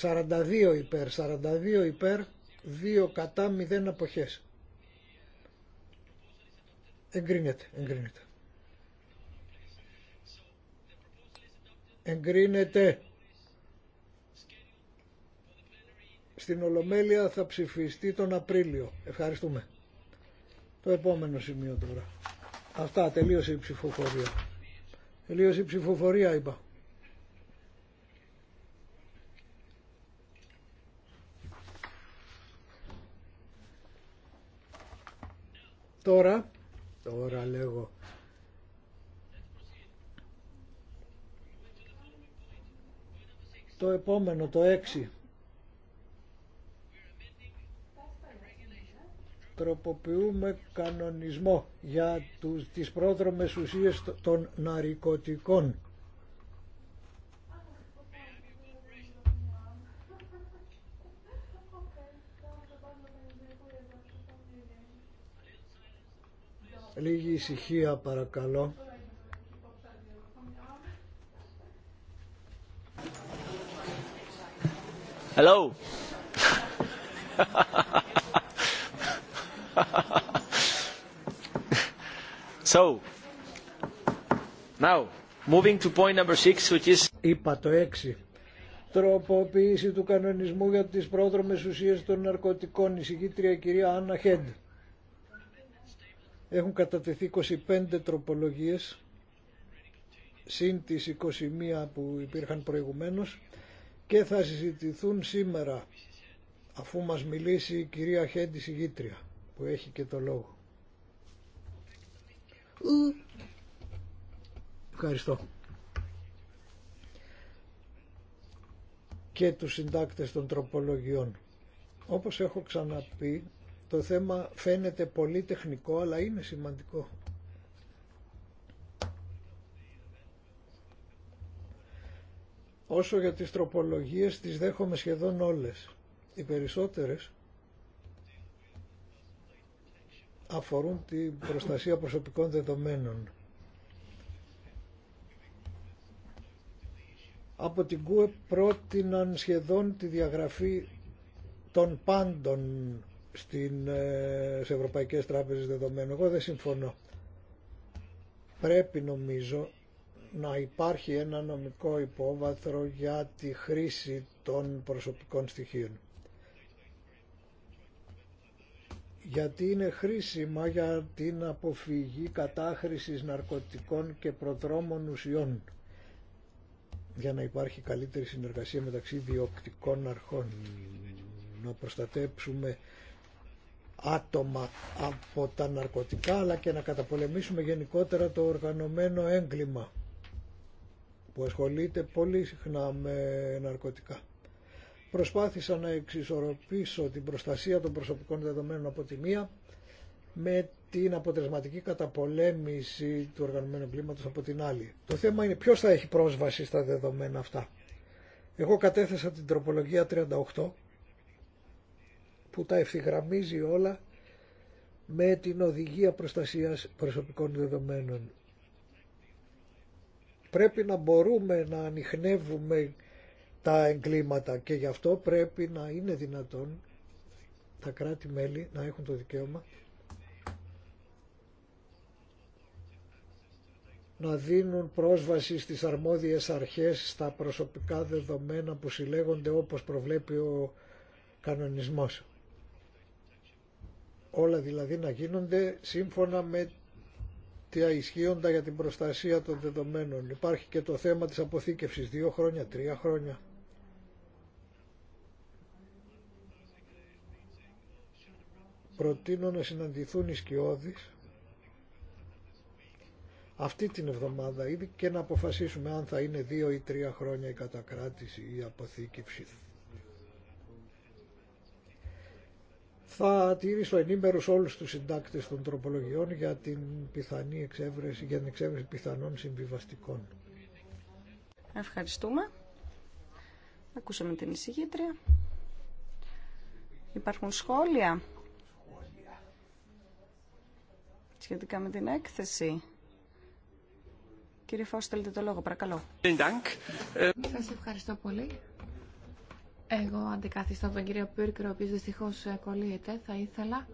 S2: 42 υπέρ, 42 υπέρ, 2 κατά, 0 αποχές. Εγκρίνεται, εγκρίνεται. Εγκρίνεται. Στην Ολομέλεια θα ψηφιστεί τον Απρίλιο. Ευχαριστούμε. Το επόμενο σημείο τώρα. Αυτά, τελείωσε η ψηφοφορία. Τελείωσε η ψηφοφορία είπα. Τώρα, τώρα λέγω, το επόμενο, το 6. τροποποιούμε κανονισμό για τους, τις πρόδρομες ουσίες των ναρικοτικών. Λίγη ησυχία παρακαλώ. Hello. So, now, moving to point number which is... Είπα το 6. Τροποποίηση του κανονισμού για τις πρόδρομες ουσίες των ναρκωτικών. Εισηγήτρια κυρία Άννα Χέντ. Έχουν κατατεθεί 25 τροπολογίες, συν τις 21 που υπήρχαν προηγουμένως, και θα συζητηθούν σήμερα, αφού μας μιλήσει η κυρία Χέντ, εισηγήτρια που έχει και το λόγο. Ευχαριστώ. Και τους συντάκτες των τροπολογιών. Όπως έχω ξαναπεί, το θέμα φαίνεται πολύ τεχνικό, αλλά είναι σημαντικό. Όσο για τις τροπολογίες, τις δέχομαι σχεδόν όλες. Οι περισσότερες αφορούν την προστασία προσωπικών δεδομένων. Από την ΚΟΕ πρότειναν σχεδόν τη διαγραφή των πάντων στην, ε, σε Ευρωπαϊκές Τράπεζες Δεδομένων. Εγώ δεν συμφωνώ. Πρέπει νομίζω να υπάρχει ένα νομικό υπόβαθρο για τη χρήση των προσωπικών στοιχείων. γιατί είναι χρήσιμα για την αποφυγή κατάχρησης ναρκωτικών και προδρόμων ουσιών για να υπάρχει καλύτερη συνεργασία μεταξύ διοκτικών αρχών να προστατέψουμε άτομα από τα ναρκωτικά αλλά και να καταπολεμήσουμε γενικότερα το οργανωμένο έγκλημα που ασχολείται πολύ συχνά με ναρκωτικά προσπάθησα να εξισορροπήσω την προστασία των προσωπικών δεδομένων από τη μία με την αποτελεσματική καταπολέμηση του οργανωμένου κλίματος από την άλλη. Το θέμα είναι ποιος θα έχει πρόσβαση στα δεδομένα αυτά. Εγώ κατέθεσα την τροπολογία 38 που τα ευθυγραμμίζει όλα με την οδηγία προστασίας προσωπικών δεδομένων. Πρέπει να μπορούμε να ανοιχνεύουμε τα εγκλήματα και γι' αυτό πρέπει να είναι δυνατόν τα κράτη-μέλη να έχουν το δικαίωμα να δίνουν πρόσβαση στις αρμόδιες αρχές στα προσωπικά δεδομένα που συλλέγονται όπως προβλέπει ο κανονισμός. Όλα δηλαδή να γίνονται σύμφωνα με τα ισχύοντα για την προστασία των δεδομένων. Υπάρχει και το θέμα της αποθήκευσης, δύο χρόνια, τρία χρόνια. προτείνω να συναντηθούν οι σκιώδεις αυτή την εβδομάδα ήδη και να αποφασίσουμε αν θα είναι δύο ή τρία χρόνια η κατακράτηση ή η αποθήκευση. Θα τηρήσω ενήμερους όλους τους συντάκτες των τροπολογιών για την πιθανή εξέβρεση, για την εξέβρεση πιθανών συμβιβαστικών.
S1: Ευχαριστούμε. Ακούσαμε την εισηγήτρια. Υπάρχουν σχόλια σχετικά με την
S3: έκθεση. Κύριε Φώσου, θέλετε το λόγο, παρακαλώ. Σας ευχαριστώ πολύ. Εγώ αντικαθιστώ τον κύριο Πύρκρο, ο οποίος δυστυχώς ε, κολλείται. Θα ήθελα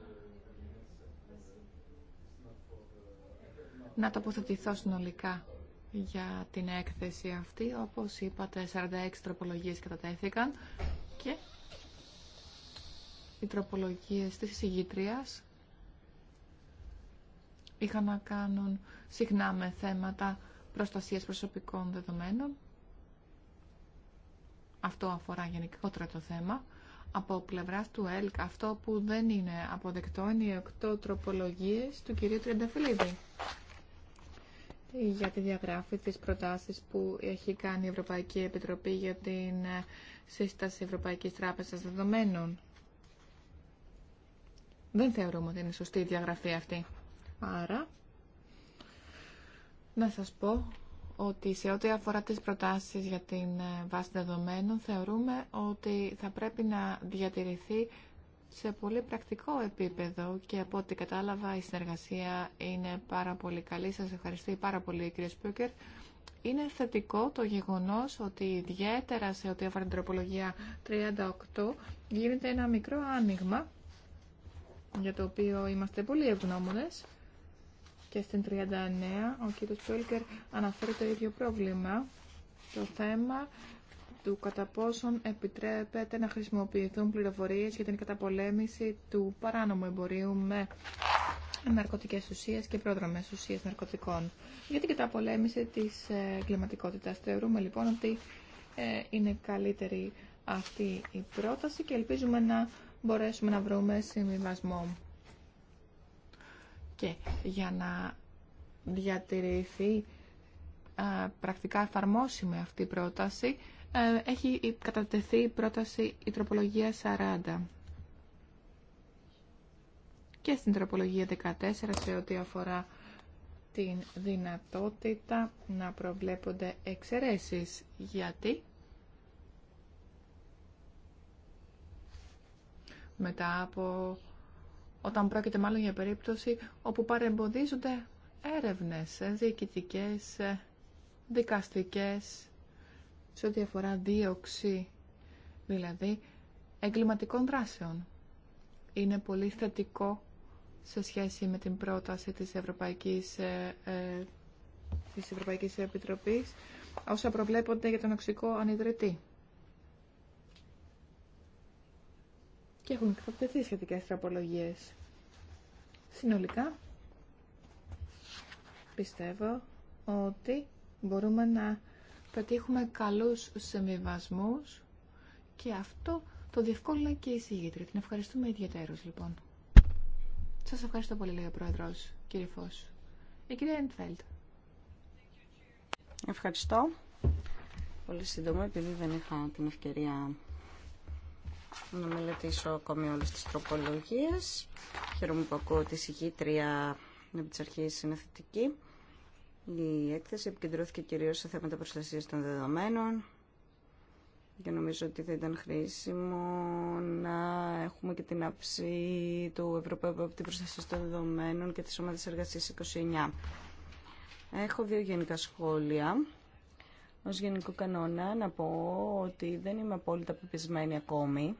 S3: να τοποθετηθώ συνολικά για την έκθεση αυτή. Όπως είπατε, 46 τροπολογίες κατατέθηκαν και οι τροπολογίες της εισηγήτριας είχαν να κάνουν συχνά με θέματα προστασίας προσωπικών δεδομένων. Αυτό αφορά γενικότερα το θέμα. Από πλευρά του ΕΛΚ αυτό που δεν είναι αποδεκτό είναι οι οκτώ τροπολογίες του κυρίου Τριανταφυλλίδη για τη διαγράφη της προτάσεις που έχει κάνει η Ευρωπαϊκή Επιτροπή για την ε, σύσταση Ευρωπαϊκής Τράπεζας Δεδομένων. Δεν θεωρούμε ότι είναι σωστή η διαγραφή αυτή. Άρα, να σας πω ότι σε ό,τι αφορά τις προτάσεις για την ε, βάση δεδομένων θεωρούμε ότι θα πρέπει να διατηρηθεί σε πολύ πρακτικό επίπεδο και από ό,τι κατάλαβα η συνεργασία είναι πάρα πολύ καλή. Σας ευχαριστώ πάρα πολύ κύριε Σπούκερ. Είναι θετικό το γεγονός ότι ιδιαίτερα σε ό,τι αφορά την τροπολογία 38 γίνεται ένα μικρό άνοιγμα για το οποίο είμαστε πολύ ευγνώμονες και στην 39 ο κ. Τσόλκερ αναφέρει το ίδιο πρόβλημα, το θέμα του κατά πόσον επιτρέπεται να χρησιμοποιηθούν πληροφορίες για την καταπολέμηση του παράνομου εμπορίου με ναρκωτικές ουσίες και πρόδρομες ουσίες ναρκωτικών. Για την καταπολέμηση της ε, εγκληματικότητας θεωρούμε λοιπόν ότι ε, είναι καλύτερη αυτή η πρόταση και ελπίζουμε να μπορέσουμε να βρούμε συμβιβασμό και για να διατηρηθεί πρακτικά εφαρμόσιμη αυτή η πρόταση έχει κατατεθεί η πρόταση η τροπολογία 40 και στην τροπολογία 14 σε ό,τι αφορά την δυνατότητα να προβλέπονται εξαιρέσεις γιατί μετά από όταν πρόκειται μάλλον για περίπτωση όπου παρεμποδίζονται έρευνες ε, διοικητικές, ε, δικαστικές, σε ό,τι αφορά δίωξη, δηλαδή εγκληματικών δράσεων. Είναι πολύ θετικό σε σχέση με την πρόταση της Ευρωπαϊκής, ε, ε, της Ευρωπαϊκής Επιτροπής όσα προβλέπονται για τον οξικό ανιδρυτή. Και έχουν κατατεθεί σχετικές τραπολογίες. Συνολικά, πιστεύω ότι μπορούμε να πετύχουμε καλούς συμβιβασμού και αυτό το διευκόλυνα και η συγγήτρια. Την ευχαριστούμε ιδιαίτερως λοιπόν. Σας ευχαριστώ πολύ λέει ο Πρόεδρος, κύριε Φως. Η κυρία Εντφέλτ.
S1: Ευχαριστώ. Πολύ σύντομα, επειδή δεν είχα την ευκαιρία να μελετήσω ακόμη όλε τι τροπολογίε. Χαίρομαι που ακούω ότι η συγκήτρια από τι αρχή είναι θετική. Η έκθεση επικεντρώθηκε κυρίω σε θέματα προστασία των δεδομένων και νομίζω ότι θα ήταν χρήσιμο να έχουμε και την άψη του Ευρωπαϊκού από την προστασία των δεδομένων και τη ομάδα εργασία 29. Έχω δύο γενικά σχόλια. Ω γενικό κανόνα να πω ότι δεν είμαι απόλυτα πεπισμένη ακόμη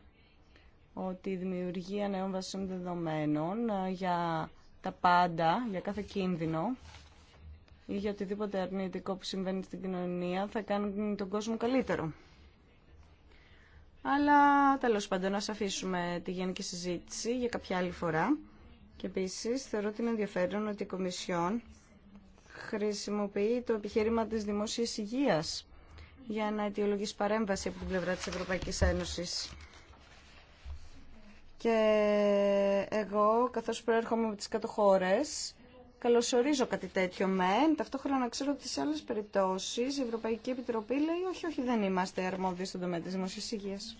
S1: ότι η δημιουργία νέων βασών δεδομένων ε, για τα πάντα, για κάθε κίνδυνο ή για οτιδήποτε αρνητικό που συμβαίνει στην κοινωνία θα κάνουν τον κόσμο καλύτερο. Αλλά τέλος πάντων να αφήσουμε τη γενική συζήτηση για κάποια άλλη φορά. Και επίσης θεωρώ ότι είναι ενδιαφέρον ότι η Κομισιόν χρησιμοποιεί το επιχείρημα της δημόσιας υγείας για να αιτιολογήσει παρέμβαση από την πλευρά της Ευρωπαϊκής Ένωσης. Και εγώ, καθώς προέρχομαι από τις κατοχώρες, καλωσορίζω κάτι τέτοιο μεν. Ταυτόχρονα ξέρω ότι σε άλλες περιπτώσεις η Ευρωπαϊκή Επιτροπή λέει όχι, όχι, δεν είμαστε αρμόδιοι στον τομέα της δημόσιας υγείας.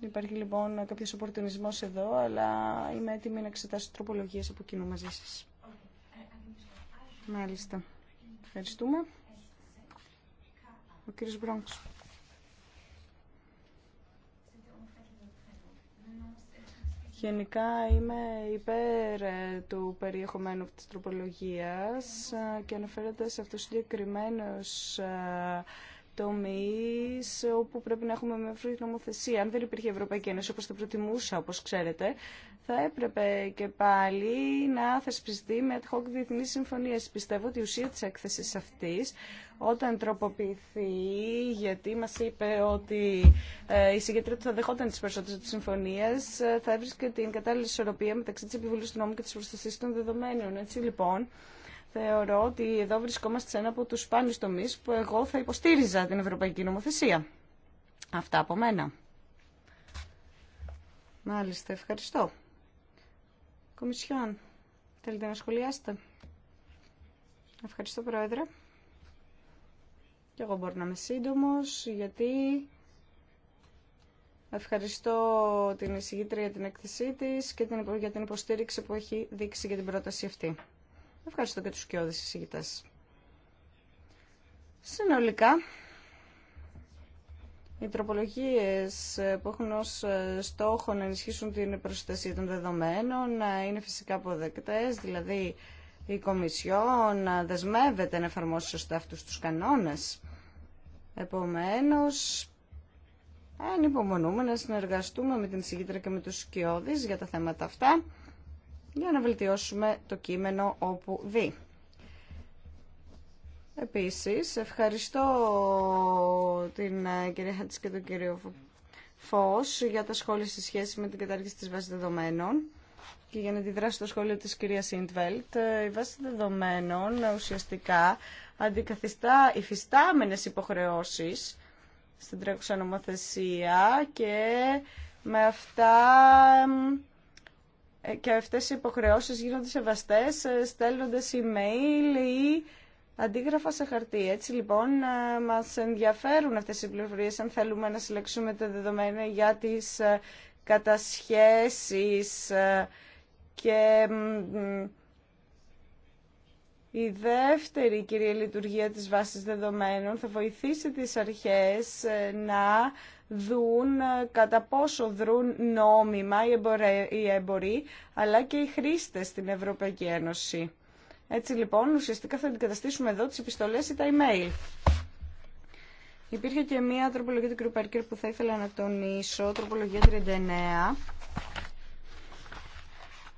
S1: Υπάρχει λοιπόν κάποιο οπορτουνισμό εδώ, αλλά είμαι έτοιμη να εξετάσω τροπολογίε από κοινού μαζί σα. Μάλιστα. Ευχαριστούμε. Ο κύριος Μπρόγκς. Γενικά είμαι υπέρ ε, του περιεχομένου της τροπολογίας ε, και αναφέρεται σε αυτό συγκεκριμένος ε, τομείς όπου πρέπει να έχουμε μια μεύρη νομοθεσία. Αν δεν υπήρχε η Ευρωπαϊκή Ένωση, όπω το προτιμούσα, όπω ξέρετε, θα έπρεπε και πάλι να θεσπιστεί με ad hoc διεθνείς συμφωνίες. Πιστεύω ότι η ουσία τη έκθεση αυτή, όταν τροποποιηθεί, γιατί μα είπε ότι ε, η συγκεντρία του θα δεχόταν τις περισσότερες συμφωνίε, συμφωνίες, ε, θα έβρισκε την κατάλληλη ισορροπία μεταξύ τη επιβολή του νόμου και τη προστασία των δεδομένων. Έτσι λοιπόν, Θεωρώ ότι εδώ βρισκόμαστε σε ένα από τους σπάνιους τομείς που εγώ θα υποστήριζα την Ευρωπαϊκή Νομοθεσία. Αυτά από μένα. Μάλιστα, ευχαριστώ. Κομισιόν, θέλετε να σχολιάσετε. Ευχαριστώ, Πρόεδρε. Και εγώ μπορώ να είμαι σύντομος, γιατί Ευχαριστώ την εισηγήτρια για την έκθεσή της και για την υποστήριξη που έχει δείξει για την πρόταση αυτή. Ευχαριστώ και τους κοιόδες εισηγητές. Συνολικά, οι τροπολογίες που έχουν ως στόχο να ενισχύσουν την προστασία των δεδομένων είναι φυσικά αποδεκτές, δηλαδή η Κομισιόν δεσμεύεται να εφαρμόσει σωστά αυτού τους κανόνες. Επομένως, αν υπομονούμε να συνεργαστούμε με την εισηγήτρια και με τους σκιώδεις για τα θέματα αυτά, για να βελτιώσουμε το κείμενο όπου δει. Επίσης, ευχαριστώ την ε, κυρία Χατς και τον κύριο Φως για τα σχόλια στη σχέση με την κατάργηση της βάσης δεδομένων και για να δράση το σχόλιο της κυρίας Σίντβελτ. Ε, η βάση δεδομένων ε, ουσιαστικά αντικαθιστά υφιστάμενες υποχρεώσεις στην τρέχουσα νομοθεσία και με αυτά ε, και αυτές οι υποχρεώσεις γίνονται σεβαστές ε, στέλνοντας email ή αντίγραφα σε χαρτί. Έτσι λοιπόν ε, μας ενδιαφέρουν αυτές οι πληροφορίες αν θέλουμε να συλλεξούμε τα δεδομένα για τις κατασχέσεις και η δεύτερη κυρία λειτουργία της βάσης δεδομένων θα βοηθήσει τις αρχές ε, να δουν ε, κατά πόσο δρούν νόμιμα οι εμποροί αλλά και οι χρήστες στην Ευρωπαϊκή Ένωση. Έτσι λοιπόν ουσιαστικά θα αντικαταστήσουμε εδώ τις επιστολές ή τα email. Υπήρχε και μία τροπολογία του κ. Πάρκερ που θα ήθελα να τονίσω, τροπολογία 39.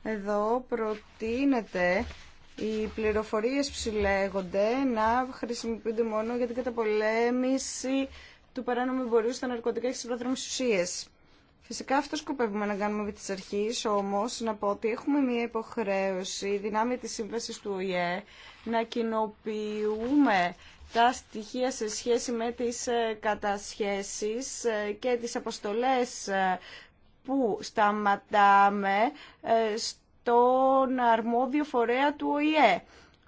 S1: Εδώ προτείνεται οι πληροφορίες που συλλέγονται να χρησιμοποιούνται μόνο για την καταπολέμηση του παράνομου εμπορίου στα ναρκωτικά και στις προδρόμες ουσίες. Φυσικά αυτό σκοπεύουμε να κάνουμε επί τις αρχής, όμως να πω ότι έχουμε μια υποχρέωση, δυνάμει της σύμβασης του ΟΗΕ, να κοινοποιούμε τα στοιχεία σε σχέση με τις ε, κατασχέσεις ε, και τις αποστολές ε, που σταματάμε στο τον αρμόδιο φορέα του ΟΗΕ.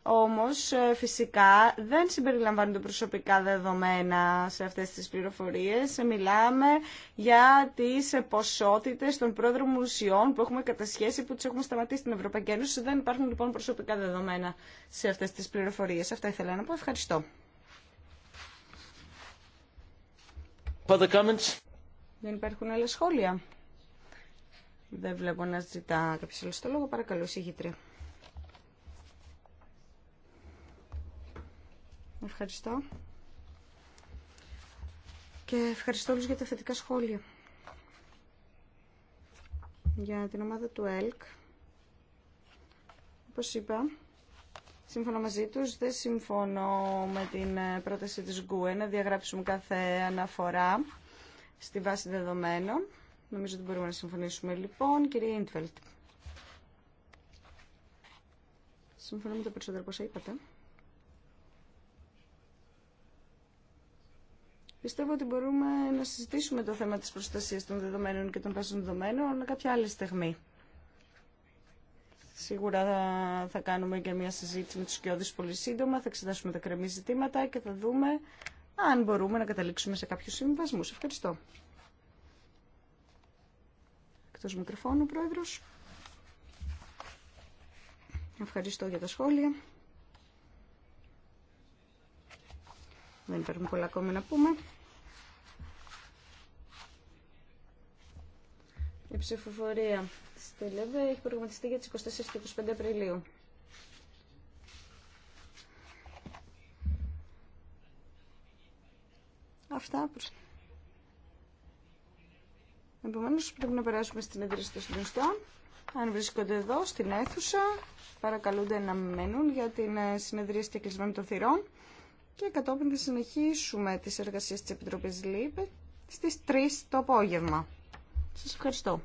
S1: Όμως ε, φυσικά δεν συμπεριλαμβάνονται προσωπικά δεδομένα σε αυτές τις πληροφορίες. Μιλάμε για τις ποσότητες των πρόεδρων ουσιών που έχουμε κατασχέσει, που τις έχουμε σταματήσει στην Ευρωπαϊκή Ένωση. Δεν υπάρχουν λοιπόν προσωπικά δεδομένα σε αυτές τις πληροφορίες. Αυτά ήθελα να πω. Ευχαριστώ. Δεν υπάρχουν άλλα σχόλια. Δεν βλέπω να ζητά κάποιος άλλος το λόγο. Παρακαλώ, συγγητρία. Ευχαριστώ. Και ευχαριστώ όλους για τα θετικά σχόλια. Για την ομάδα του ΕΛΚ, όπως είπα, σύμφωνα μαζί τους, δεν συμφωνώ με την ε, πρόταση της ΓΚΟΕ να διαγράψουμε κάθε αναφορά στη βάση δεδομένων. Νομίζω ότι μπορούμε να συμφωνήσουμε λοιπόν. Κυρία Ιντφελτ. Συμφωνώ με περισσότερο που σα είπατε. Πιστεύω ότι μπορούμε να συζητήσουμε το θέμα της προστασίας των δεδομένων και των βάσεων δεδομένων κάποια άλλη στιγμή. Σίγουρα θα κάνουμε και μια συζήτηση με τους κοιόδης πολύ σύντομα, θα εξετάσουμε τα κρεμή ζητήματα και θα δούμε αν μπορούμε να καταλήξουμε σε κάποιους συμβασμούς. Ευχαριστώ. Εκτός μικροφώνου, Πρόεδρος. Ευχαριστώ για τα σχόλια. Δεν υπάρχουν πολλά ακόμα να πούμε. Η ψηφοφορία στη ΛΕΒΕ έχει προγραμματιστεί για τις 24 και 25 Απριλίου. Αυτά. Επομένω, πρέπει να περάσουμε στην έδραση των συντονιστών. Αν βρίσκονται εδώ στην αίθουσα, παρακαλούνται να μένουν για την συνεδρία και κλεισμένο των θυρών. Και κατόπιν θα συνεχίσουμε τις εργασίες της Επιτροπής ΛΥΠΕ στις 3 το απόγευμα. Σας
S3: ευχαριστώ.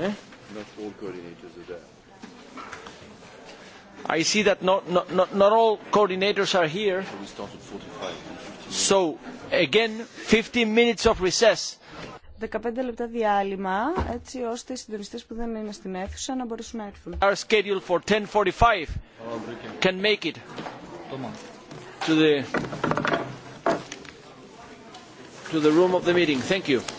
S3: Ε? I see that not, not, not all coordinators are here. So, again, 15 minutes of recess. 15
S1: λεπτά διάλειμμα, έτσι ώστε οι συντονιστές που δεν είναι στην αίθουσα να μπορέσουν να έρθουν.
S3: Our schedule for 10:45 can make it to the to the room of the meeting. Thank you.